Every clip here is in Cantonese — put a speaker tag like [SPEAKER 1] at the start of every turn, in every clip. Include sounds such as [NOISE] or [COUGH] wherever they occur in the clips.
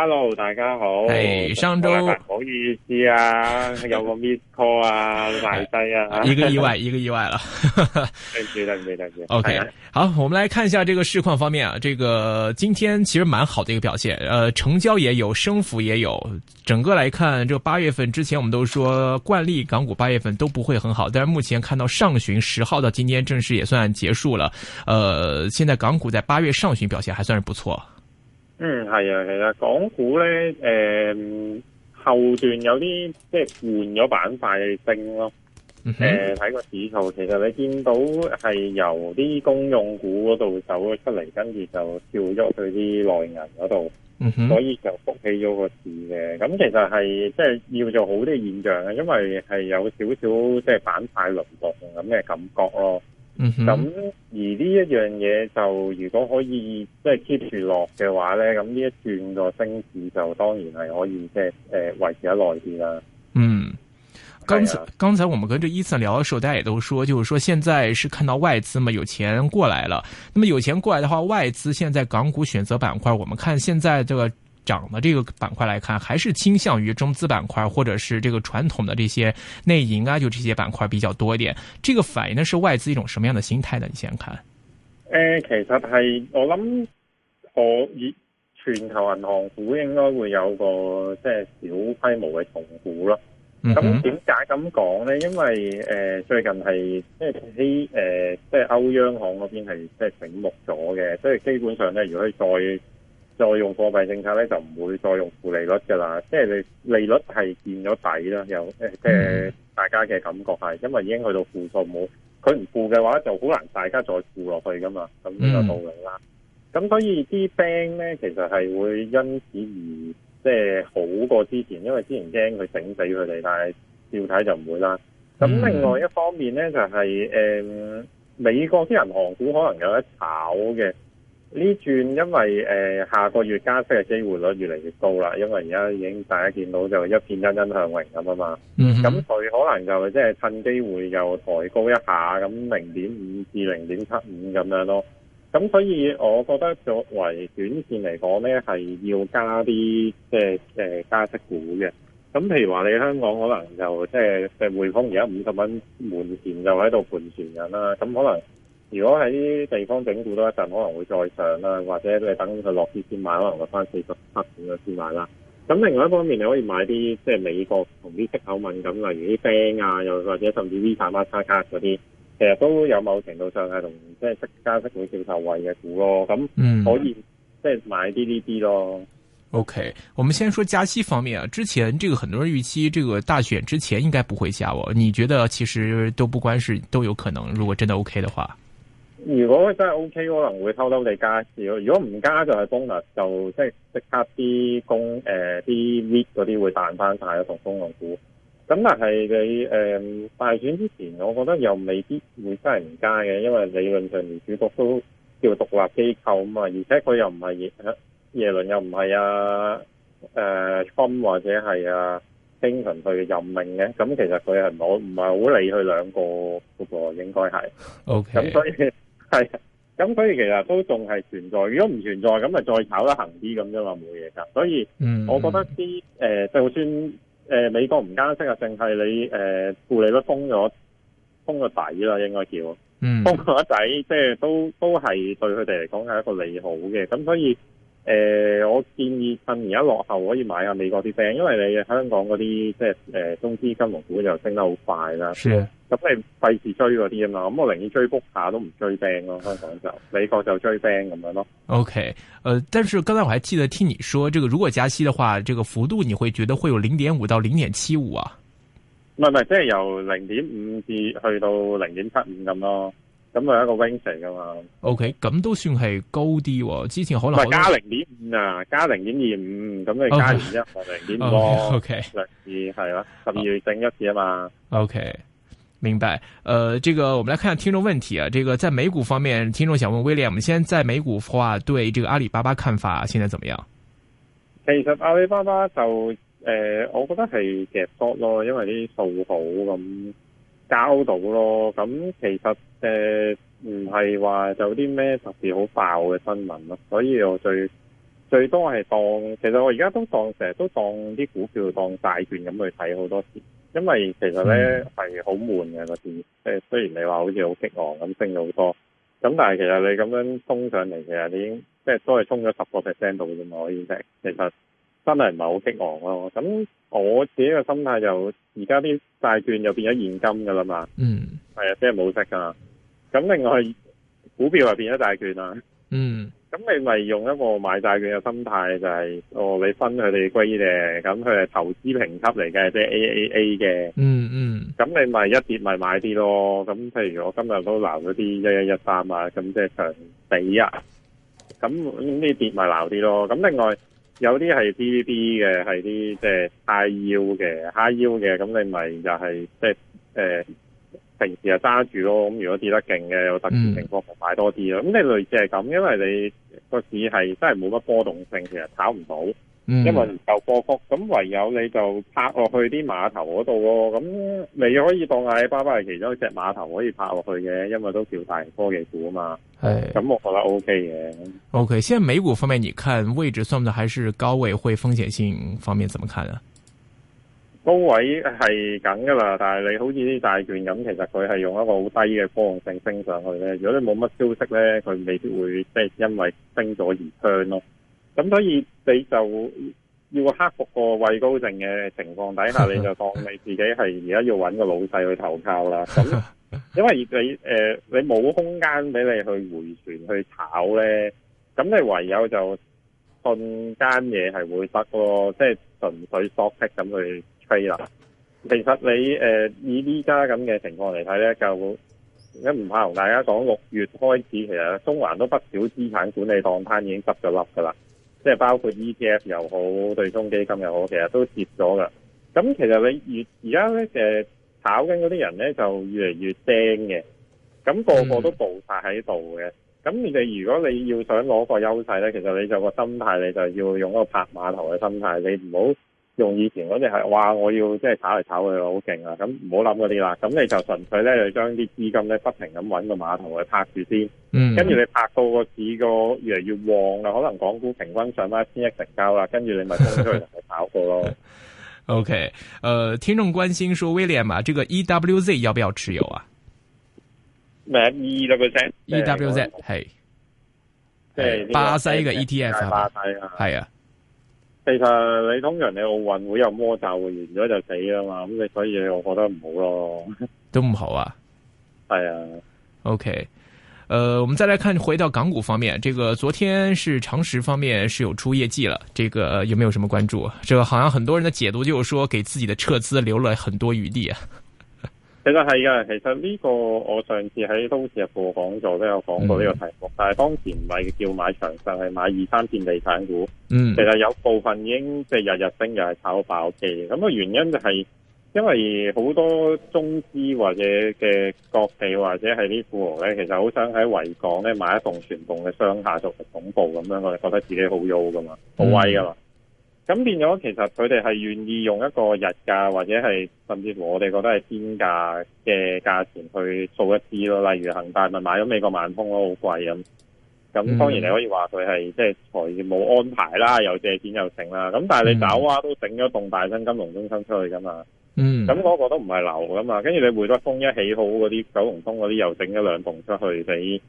[SPEAKER 1] hello，大家好。哎、hey，上周不好意思啊，有個 miss call 啊，賴滯啊。一個意外， [LAUGHS] 一個意外了。謝謝，
[SPEAKER 2] 謝謝，謝謝。OK，好，我們來看一下這個市況方面啊，這個今天其實蠻好的一個表現，呃，成交也有，升幅也有。整個來看，這八、個、月份之前我們都說慣例港股八月份都不會很好，但是目前看到上旬十號到今天正式也算結束了，呃，現在港股在八月上旬表現還算是不錯。
[SPEAKER 1] 嗯，係啊，其實港股咧，誒、嗯，後段有啲即係換咗板塊升咯。誒、mm-hmm. 呃，睇個指數，其實你見到係由啲公用股嗰度走咗出嚟，跟住就跳咗去啲內銀嗰度。Mm-hmm. 所以就復起咗個市嘅。咁其實係即係要做好啲現象啊，因為係有少少即係板塊輪動咁嘅感覺咯。嗯哼，咁而呢一樣嘢就如果可以即係 keep 住落嘅話咧，咁呢一段個升市就當然係可以即係誒維持得耐啲啦。嗯，剛才
[SPEAKER 2] 剛才我們跟這 Ethan 聊嘅時候，大家也都說，就是說現在是看到外資嘛有錢過來了。那麼有錢過來的話，外資現在港股選擇板塊，我們看現在這個。漲的這個板塊來看，還是傾向於中資板塊，或者是這個傳統的這些內銀啊，就這些板塊比較多一點。這個反映的是外資一種什麼樣的心態呢？你先看。
[SPEAKER 1] 誒、呃，其實係我諗，我以全球銀行股應該會有個即係小規模的重估咯。咁點解咁講呢？因為誒、呃、最近係即係誒、呃、即係歐央行嗰邊係即係醒目咗嘅，即係基本上咧如果再再用貨幣政策咧就唔會再用負利率㗎啦，即係你利率係變咗底啦，有誒即係大家嘅感覺係，因為已經去到負數冇，佢唔負嘅話就好難大家再負落去噶嘛，咁呢個道理啦。咁所以啲 bank 咧其實係會因此而即係、呃、好過之前，因為之前驚佢整死佢哋，但係照睇就唔會啦。
[SPEAKER 3] 咁另外
[SPEAKER 1] 一方面咧就係、是、誒、呃、美國啲銀行股可能有得炒嘅。呢轉因為誒、呃、下個月加息嘅機會率越嚟越高啦，因為而家已經大家見到就一片欣欣向榮咁啊嘛，咁、嗯、佢可能就即係趁機會又抬高一下，咁零點五至零點七五咁樣咯。咁所以我覺得作為短線嚟講咧，係要加啲即係誒加息股嘅。咁譬如話你香港可能就即係即係匯豐而家五十蚊門前就喺度盤旋緊啦，咁可能。如果喺啲地方整固多一陣，可能會再上啦，或者你等佢落地先買，可能會翻四十 percent 先買啦。咁另外一方面，你可以買啲即係美國同啲息口敏感，例如啲 Bank 啊，又或者甚至 Visa、Mastercard 嗰啲，其實都有某程度上係同即係加息會承受位嘅股那、嗯、些些咯。咁可以即係買啲呢啲咯。
[SPEAKER 2] O K，我們先說加息方面啊，之前這個很多人預期，這個大選之前應該不會下喎。你覺得其實都不關事，都有可能。如果真的 O、okay、K 的話。
[SPEAKER 1] 如果真係 O K，可能會偷偷地加少。如果唔加就係封殺，就即係即刻啲供誒啲 REIT 嗰啲會彈翻晒嘅同公用股。咁但係你誒大選之前，我覺得又未必會真係唔加嘅，因為理論上連主席都叫獨立機構啊嘛，而且佢又唔係耶耶倫又唔係啊誒春或者係啊 Stephen 去任命嘅，咁其實佢係我唔係好理佢兩個嗰個應該係。O K，咁所以。係，咁所以其實都仲係存在。如果唔存在，咁咪再炒得行啲咁啫嘛，冇嘢噶。所以，嗯，我覺得啲誒、嗯呃，就算誒、呃、美國唔加息啊，淨係你誒，負、呃、利率封咗封個底啦，應該叫，嗯，封個底，即、就、係、是、都都係對佢哋嚟講係一個利好嘅。咁所以。誒、呃，我建議趁而家落後可以買下美國啲 band，因為你香港嗰啲即係誒、呃、中資金融股就升得好快啦。是啊，咁你費事追嗰啲啊嘛，咁我寧願追 book 下都唔追 band 咯。香港就美國就追 band 咁樣咯。
[SPEAKER 2] OK，誒、呃，但是剛才我還記得聽你說，這個如果加息的話，這個幅度你會覺得會有零點五到零點七五啊？
[SPEAKER 1] 唔係唔係，即係由零點五至去到零點七五咁咯。咁係一個 Wing 噶
[SPEAKER 2] 嘛？O K，咁都算係高啲，哦。之前可能唔係加零
[SPEAKER 1] 點五啊，加零點二五，咁咪加完一零點五。O K，十二係啦，十、okay. 二月正、啊、一次啊嘛。
[SPEAKER 2] O、okay. K，、okay. 明白。誒、呃，這個我們來看下聽眾問題啊。這個在美股方面，聽眾想問 William，我們現在，在美股話對這個阿里巴巴看法現在怎麼樣？
[SPEAKER 1] 其實阿里巴巴就誒、呃，我覺得係跌多咯，因為啲數好咁。交到咯，咁其實誒唔係話有啲咩特別好爆嘅新聞咯，所以我最最多係當其實我而家都當成日都當啲股票當債券咁去睇好多次，因為其實咧係好悶嘅嗰啲誒，雖然你話好似好激昂咁升咗好多，咁但係其實你咁樣衝上嚟，其實你已經即係都係衝咗十個 percent 度啫嘛，我已經即係其實。真係唔係好激昂咯，咁我自己嘅心態就而家啲債券就變咗現金噶啦嘛，嗯，係啊，即係冇息噶，咁另外股票又變咗債券啦，嗯，咁你咪用一個買債券嘅心態，就係哦，你分佢哋歸啲，咁佢係投資評級嚟嘅，即係 AAA 嘅，嗯嗯，咁你咪一跌咪買啲咯，咁譬如我今日都留咗啲一一一三啊，咁即係長實啊，咁呢跌咪留啲咯，咁另外。有啲係 BBB 嘅，係啲即係 high yield 嘅 high yield 嘅，咁你咪就係即係誒，平時就揸住咯。咁如果跌得勁嘅，有特殊情況就買多啲咯。咁你類似係咁，因為你個市係真係冇乜波動性，其實炒唔到。嗯、因為唔夠波幅，咁唯有你就拍落去啲碼頭嗰度咯。咁你可以當係阿里巴巴其中一隻碼頭可以拍落去嘅，因為都叫大科技股啊嘛。誒、哎，咁我覺得 OK 嘅。
[SPEAKER 2] OK，現在美股方面，你看位置算唔算還是高位？會風險性方面，怎麼看啊？
[SPEAKER 1] 高位係梗㗎啦，但係你好似啲債券咁，其實佢係用一個好低嘅波動性升上去咧。如果你冇乜消息咧，佢未必會即係因為升咗而香咯。咁所以你就要克服個畏高症嘅情況底下，你就當你自己係而家要揾個老細去投靠啦。咁，因為你誒、呃,你冇空間俾你去回旋去炒呢，咁你唯有就瞬間嘢係會得咯，即係純粹 short 咁去吹啦。其實你誒、呃，以依家咁嘅情況嚟睇呢，就一唔怕同大家講，六月開始其實中環都不少資產管理檔攤已經執咗笠噶啦。即係包括 ETF 又好，對沖基金又好，其實都跌咗噶。咁其實你越而家咧，誒炒緊嗰啲人咧，就越嚟越精嘅。咁、那個個都暴晒喺度嘅。咁你哋如果你要想攞個優勢咧，其實你就有個心態，你就要用一個拍碼頭嘅心態，你唔好，用以前嗰啲係哇，我要即係炒嚟炒去好勁啊！咁唔好諗嗰啲啦，咁你就純粹咧就將啲資金咧不停咁揾個碼頭去拍住先，嗯，跟住你拍到個市個越嚟越旺啦，可能港股平均上翻一千億成交啦，跟住你咪衝出去同佢 [LAUGHS] 炒過咯。
[SPEAKER 2] OK，誒、呃，聽眾關心說 William 啊，這個 E W Z 要不要持有啊？
[SPEAKER 1] 咩 E W Z E W Z，嘿，即係巴西嘅 E T F，巴西啊，係啊。其實你通常你奧運會有魔咒完咗就死啊嘛，咁你所以我覺得唔好咯，都唔好啊。係啊
[SPEAKER 2] ，OK，呃我們再來看回到港股方面，這個昨天是長實方面是有出業績了，這個有沒有什麼關注？這個好像很多人的解讀就是說，給自己的撤資留了很多餘地啊。
[SPEAKER 1] 係噶係噶，其實呢個我上次喺都市日報講座都有講過呢個題目，嗯、但係當時唔係叫買長線，係買二三線地產股。嗯，其實有部分已經即係日日升，又係炒爆嘅。咁、那、啊、個、原因就係因為好多中資或者嘅國企或者係啲富豪咧，其實好想喺維港咧買一棟全幢嘅商廈做總部咁樣，我哋覺得自己好優噶嘛，好威噶嘛。嗯。咁變咗，其實佢哋係願意用一個日價或者係甚至乎我哋覺得係天價嘅價錢去做一啲咯。例如恒大咪買咗美國萬通咯，好貴咁。咁當然你可以話佢係即係財務安排啦，又借錢又成啦。咁但係你走啊都整咗棟大新金融中心出去噶嘛。嗯。咁嗰個都唔係流噶嘛。跟住你會德豐一起好嗰啲九龍東嗰啲又整咗兩棟出去俾、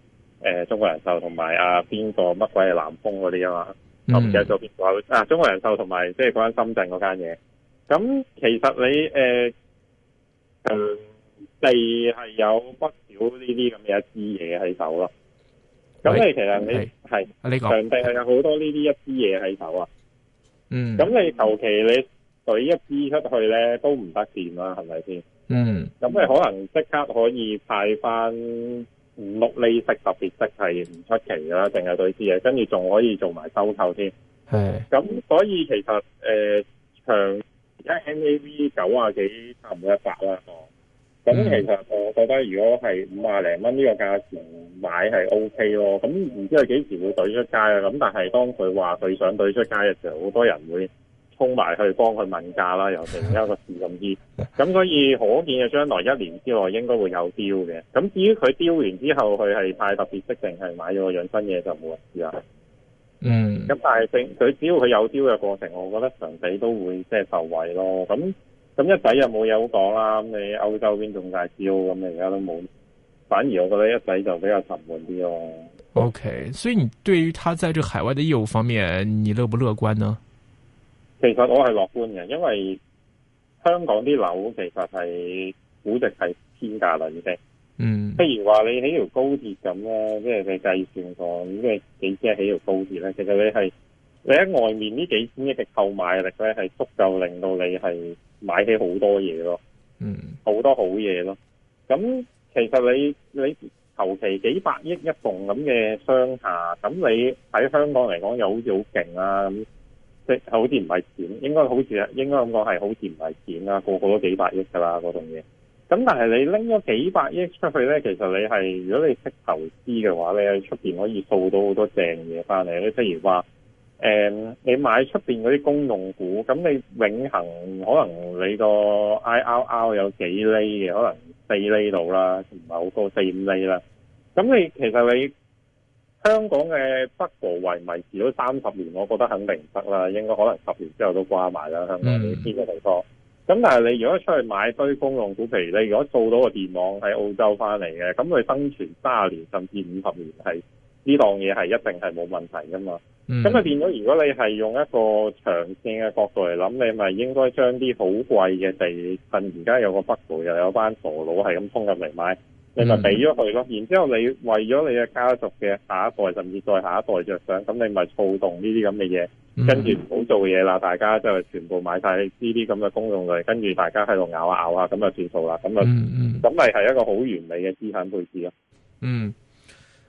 [SPEAKER 1] 呃、中國人壽同埋啊邊個乜鬼係南豐嗰啲啊嘛。我唔記得啊，中國人壽同埋即係嗰間深圳嗰間嘢。咁其實你誒，佢哋係有不少呢啲咁嘅一支嘢喺手咯。咁你其實你係佢哋係有好多呢啲一支嘢喺手啊。嗯。
[SPEAKER 3] 咁
[SPEAKER 1] 你求其你水一支出去咧都唔得掂啦，係咪先？嗯。咁你可能即刻可以派翻。五六厘息特別息係唔出奇㗎啦，淨係對資嘅，跟住仲可以做埋收購添。係，咁所以其實誒，長而家 NAV 九啊幾差唔多一百啦。咁其實我覺得如果係五啊零蚊呢個價錢買係 OK 咯。咁唔知佢幾時會對出街啊？咁但係當佢話佢想對出街嘅時候，好多人會。封埋去幫佢問價啦，又成一個試金機，咁 [LAUGHS] 所以可見嘅將來一年之內應該會有雕嘅。咁至於佢雕完之後，佢係太特別即定係買咗個樣新嘢就冇人知啦。嗯，咁但係佢只要佢有雕嘅過程，我覺得長實都會即係受惠咯。咁咁一仔又冇嘢好講啦。咁你歐洲邊仲大招？咁，你而家都冇。反而我覺得一仔就比較沉悶啲咯。
[SPEAKER 2] OK，所以你對於他喺這海外嘅業務方面，你樂不樂觀呢？
[SPEAKER 1] 其實我係樂觀嘅，因為香港啲樓其實係估值係天價啦已經。嗯，譬如話你，這條鐵樣你起條高鐵咁啦，即係計算過，咁嘅幾千億起條高鐵咧，其實你係你喺外面呢幾千億嘅購買力咧，係足夠令到你係買起好多嘢咯。嗯，好多好嘢咯。咁其實你你求其幾百億一棟咁嘅商廈，咁你喺香港嚟講又好似好勁啦。即好似唔係錢，應該好似啊，應該咁講係好似唔係錢啦。個個都幾百億㗎啦，嗰種嘢。咁但係你拎咗幾百億出去咧，其實你係如果你識投資嘅話咧，出邊可以掃到好多正嘢翻嚟咧。譬如話誒、嗯，你買出邊嗰啲公用股，咁你永恆可能你個 IRR 有幾厘嘅，可能四厘度啦，唔係好高四五厘啦。咁你其實你。香港嘅北部維唔維持咗三十年，我覺得肯定唔得啦，應該可能十年之後都掛埋啦。香港呢邊嘅地方，咁、mm-hmm. 但係你如果出去買堆公用股，譬如你如果做到個電網喺澳洲翻嚟嘅，咁佢生存三十年甚至五十年係呢檔嘢，係一定係冇問題噶嘛。咁、
[SPEAKER 3] mm-hmm. 啊變
[SPEAKER 1] 咗，如果你係用一個長線嘅角度嚟諗，你咪應該將啲好貴嘅地趁而家有個北部又有班傻佬係咁衝入嚟買。
[SPEAKER 3] Mm-hmm. 你咪俾咗佢
[SPEAKER 1] 咯，然之後你為咗你嘅家族嘅下一代，甚至再下一代着想，咁你咪躁動呢啲咁嘅嘢，mm-hmm. 跟住唔好做嘢啦，大家就係全部買晒呢啲咁嘅公用類，跟住大家喺度咬下咬下，咁就算數啦，咁啊，咁咪係一個好完美嘅資產配置咯。嗯、
[SPEAKER 3] mm-hmm.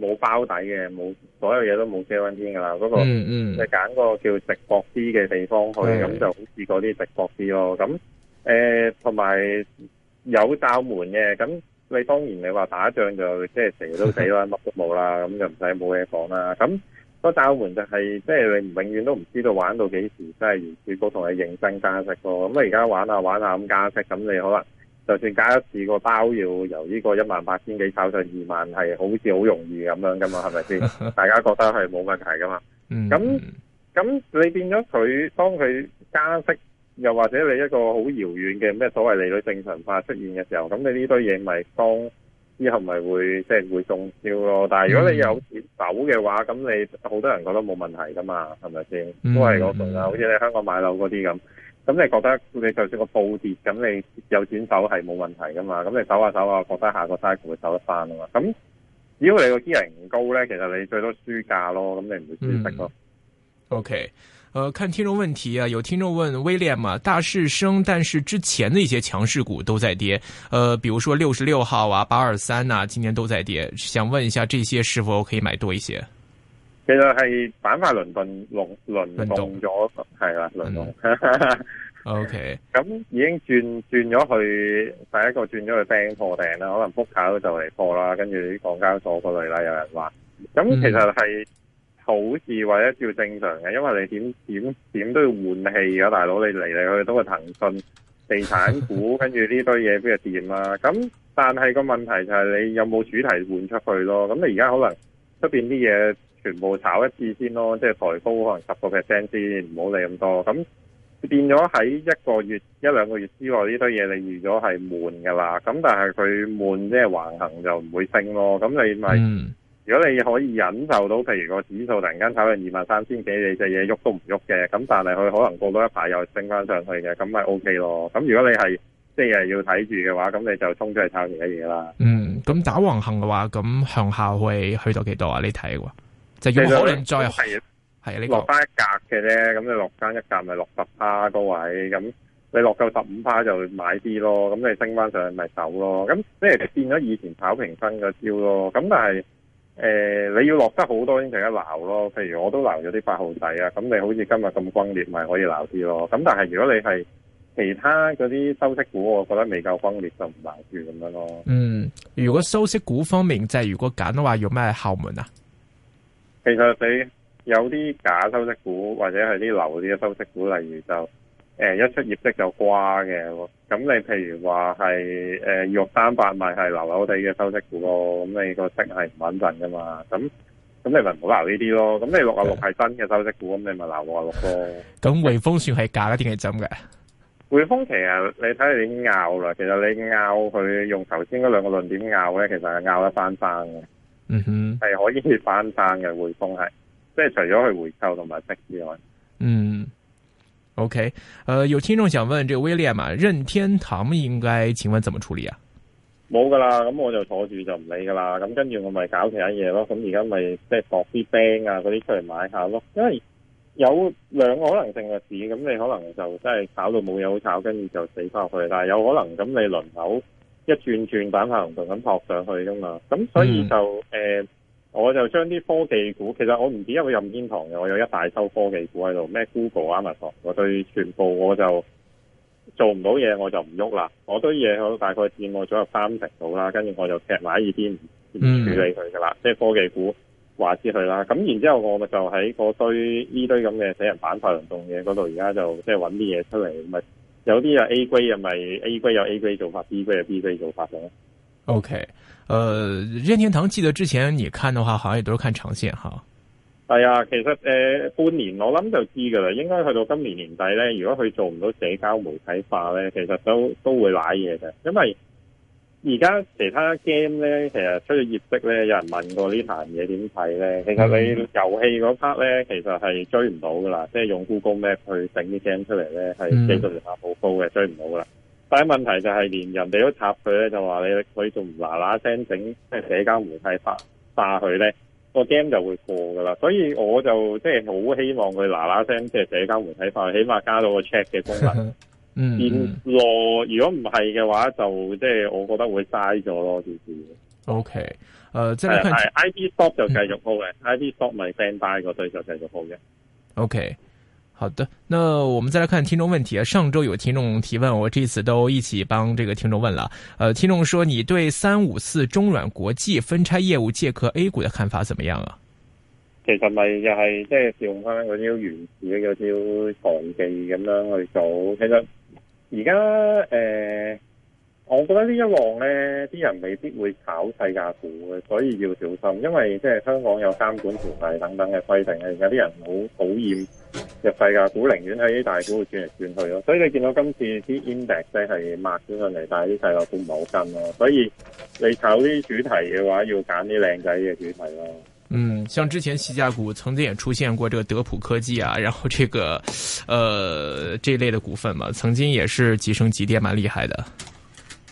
[SPEAKER 1] 冇包底嘅，冇所有嘢都冇遮 e 天噶啦。不過你揀個叫直播啲嘅地方去，咁、嗯、就好似嗰啲直播啲咯。咁誒同埋有罩門嘅，咁你當然你話打仗就即係成日都死啦，乜都冇啦，咁就唔使冇嘢講啦。咁個罩門就係、是、即係你永遠都唔知道玩到幾時，即係完全冇同你認真加息咯。咁你而家玩下、啊、玩下、啊、咁加息咁你可能。就算加一次個包，要由呢個一萬八千幾炒上二萬，係好似好容易咁樣噶嘛？係咪先？ [LAUGHS] 大家覺得係冇問題噶嘛？咁、嗯、咁你變咗佢，當佢加息，又或者你一個好遙遠嘅咩所謂利率正常化出現嘅時候，咁你呢堆嘢，咪當之後咪會即係、即係、會中招咯？但係如果你有錢走嘅話，咁你好多人覺得冇問題噶嘛？係咪先？都係嗰份啦，好似你香港買樓嗰啲咁。咁你覺得你就算個暴跌，咁你有轉手係冇問題噶嘛？咁你走下走下，覺得下個 cycle 會走得翻啊嘛？咁只要你個機能唔高咧，其實你最多輸價咯，咁你
[SPEAKER 2] 唔會輸蝕咯。OK，呃，看聽眾問題啊，有聽眾問 William 嘛啊，大市升，但是之前的一些強勢股都在跌，呃，比如說六十六號啊、八二三啊，今年都在跌，想問一下這些是否可以買多一些？
[SPEAKER 1] 其實係板塊輪動輪輪動咗，係啦輪動。
[SPEAKER 2] O K.
[SPEAKER 1] 咁已經轉轉咗去第一個轉咗去冰破頂啦，可能復考就嚟破啦，跟住啲港交所嗰類啦，有人話，咁其實係好事或者叫正常嘅，因為你點點點都要換氣㗎。大佬你嚟嚟去去都係騰訊地產股，跟住呢堆嘢邊係掂啦？咁但係個問題就係你有冇主題換出去咯？咁你而家可能出邊啲嘢。全部炒一次先咯，即係抬高可能十個 percent 先，唔好理咁多。咁變咗喺一個月、一兩個月之內呢堆嘢，你預咗係悶噶啦。咁但係佢悶即係橫行就唔會升咯。咁你咪、嗯，如果你可以忍受到，譬如個指數突然間炒到二萬三千幾，你隻嘢喐都唔喐嘅。咁但係佢可能過多一排又升翻上去嘅，咁咪 O K 咯。咁如果你係即係要睇住嘅話，咁你就衝出去炒其他嘢啦。嗯，
[SPEAKER 2] 咁打橫行嘅話，咁向下會去到幾多啊？你睇。就有可能再係
[SPEAKER 1] 啊，落翻一格嘅咧，咁你落翻一格咪六十趴個位，咁你落夠十五趴就買啲咯，咁你升翻上去咪走咯，咁即係變咗以前炒平分嘅招咯。咁但係誒你要落得好多先成日鬧咯，譬如我都留咗啲八號仔啊，咁你好似今日咁分裂咪可以鬧啲咯。咁但係如果你係其他嗰啲收息股，我覺得未夠分裂就唔鬧住咁樣咯。嗯，
[SPEAKER 2] 如果收息股方面即係、就是、如果揀嘅話，用咩後門啊？
[SPEAKER 1] 其實你有啲假收息股，或者係啲流啲嘅收息股，例如就誒一出業績就瓜嘅。咁你譬如話係誒二六三八係流流地嘅收息股咯，咁你個息係唔穩陣噶嘛？咁咁你咪唔好留呢啲咯。咁、 [LAUGHS] 啊、你六六六係真嘅收息股，咁你咪留六六咯。
[SPEAKER 2] 咁匯豐算係假嘅定係真嘅？
[SPEAKER 1] 匯豐其實你睇你拗啦，其實你拗佢用頭先嗰兩個論點拗咧，其實係拗得翻生嘅。嗯哼，係可以反彈嘅匯豐係，即係除咗去回購同埋息之外，嗯、
[SPEAKER 2] mm-hmm.，OK，誒、uh,，有聽眾想問，這個 William 嘛，任天堂應該請問怎麼處
[SPEAKER 1] 理啊？冇噶啦，咁我就坐住就唔理噶啦，咁跟住我咪搞其他嘢咯，咁而家咪即係搏啲 bank 啊嗰啲出嚟買下咯，因為有兩個可能性嘅事，咁你可能就真係炒到冇嘢好炒，跟住就死翻去，但係有可能咁你輪口。一轉轉板塊輪動咁撲上去㗎嘛，咁所以就誒、嗯呃，我就將啲科技股，其實我唔止一個任天堂嘅，我有一大收科技股喺度，咩 Google、Amazon，我對全部我就做唔到嘢我就唔喐啦，我堆嘢我大概佔我咗有三成度啦，跟住我就踢埋喺一邊唔處理佢噶啦，即係科技股話之佢啦，咁然之後我咪就喺嗰堆呢堆咁嘅死人板塊輪動嘢嗰度，而家就即係揾啲嘢出嚟咪。有啲啊 A 規又咪 A 規有 A 規做法，B 規有 B 規做法嘅。
[SPEAKER 2] OK，呃任天堂記得之前你看的話，好像也都是看長線哈。
[SPEAKER 1] 係啊，其實誒、呃、半年我諗就知噶啦，應該去到今年年底咧，如果佢做唔到社交媒體化咧，其實都都會瀨嘢嘅，因為。而家其他 game 咧，其實出咗業績咧，有人問過這壇怎麼看呢壇嘢點睇咧。其實你遊戲嗰 part 咧，其實係追唔到噶啦。即係用 Google Map 去整啲 game 出嚟咧，係技術力量好高嘅、嗯、追唔到噶啦。但係問題就係，連人哋都插佢咧，就話你佢仲唔嗱嗱聲整即係社交媒體化化佢咧，個 game 就會過噶啦。所以我就即係好希望佢嗱嗱聲即係社交媒體化，起碼加到個 check 嘅功能。 [LAUGHS] 電、嗯、絡，如果唔係嘅話，就即係我覺得會嘥咗咯，點點。
[SPEAKER 2] O K，誒，即係
[SPEAKER 1] I B stop 就繼續好嘅，I B stop 咪 band 大個對就繼續好
[SPEAKER 2] 嘅。O、okay, K，好的，那我們再來看聽眾問題啊。上周有聽眾提問，我這次都一起幫這個聽眾問啦。誒、呃，聽眾說你對三五四中軟國際分拆業務借殼 A 股嘅看法怎麼樣
[SPEAKER 1] 啊？其實咪又係即係用翻嗰啲原始嗰啲房記咁樣去做，其實。而家誒，我覺得呢一浪呢啲人未必會炒世界股嘅，所以要小心，因為即係香港有監管條例等等嘅規定嘅。有啲人好討厭入世界股，寧願喺啲大股會轉嚟轉去咯。所以你見到今次啲 index 即係掹咗上嚟，但係啲世界股唔係好跟咯。所以你炒啲主題嘅話，要揀啲靚仔嘅主題咯。
[SPEAKER 2] 嗯，像之前細價股曾經也出現過這個德普科技啊，然後這個，呃，這一類的股份嘛，曾經也是急升急跌，蠻厲害的。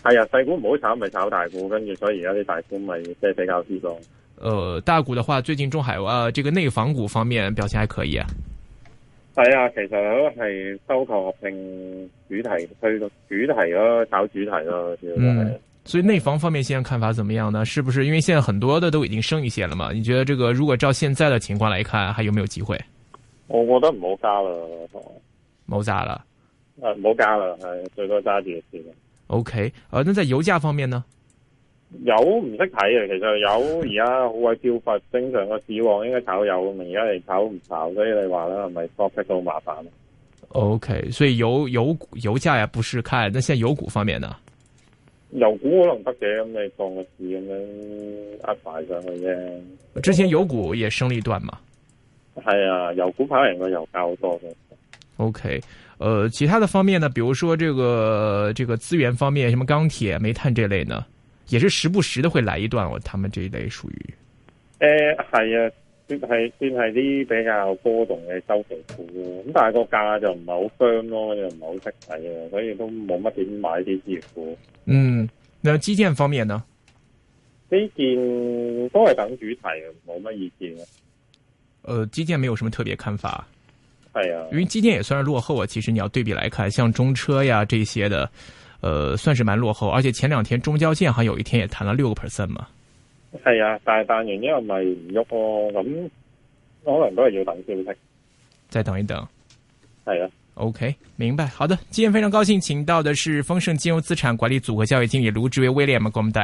[SPEAKER 1] 係啊，細股唔好炒，咪、就是、炒大股，跟住所以而家啲大股咪即係比較舒服。
[SPEAKER 2] 呃，大股的話，最近中海啊，這個內房股方面表現還可以啊。
[SPEAKER 1] 係啊，其實都係收購合併主題，去到主題咯，炒主題咯，主要係、就是。嗯
[SPEAKER 2] 所以內房方面現在看法怎麼樣呢？是不是因為現在很多的都已經升一些了嘛？你覺得這個如果照現在的情況來看，還有沒有機會？
[SPEAKER 1] 我覺得唔好加啦，冇炸啦，誒唔好加啦，係最多揸住
[SPEAKER 2] 先。OK，啊，那在油價方面呢？
[SPEAKER 1] 油唔識睇嘅，其實油而家好鬼跳法，正常嘅市況應該炒油，而家你炒唔炒，所以你話啦，係咪 p r o d 到麻煩
[SPEAKER 2] ？O K，所以油油油價呀不是看，那現在油股方面呢？
[SPEAKER 1] 油股可能得嘅，咁、嗯、你放個市咁樣壓擺上去
[SPEAKER 2] 啫。之前油股也升了一段嘛。
[SPEAKER 1] 係啊，油股跑贏個油價好多嘅。
[SPEAKER 2] O、okay, K，呃，其他的方面呢，比如說這個這個資源方面，什麼鋼鐵、煤炭這類呢，也是時不時的會來一段。我他們這一類屬於。誒、
[SPEAKER 1] 呃，係啊。算係算係啲比較波動嘅周期股咁、啊、但係個價就唔係好香咯、啊，又唔係好識睇啊，所以都冇乜點買啲事業股。
[SPEAKER 2] 嗯，那基建方面呢？
[SPEAKER 1] 基建都係等主題，冇乜意見咯、啊。
[SPEAKER 2] 呃，基建沒有什麼特別看法。係啊，因為基建也算是落後啊。其實你要對比來看，像中車呀、啊、這些的，呃，算是蠻落後。而且前兩天中交建，好像有一天也彈了六個 percent 嘛。
[SPEAKER 1] 係啊，但係但原因為咪唔喐咯，咁可能都係要等消息，
[SPEAKER 2] 再等一等。係啊，OK，明白。好的，今天非常高興，請到的是豐盛金融資產管理組合交易經理盧志威 William，們給我們帶。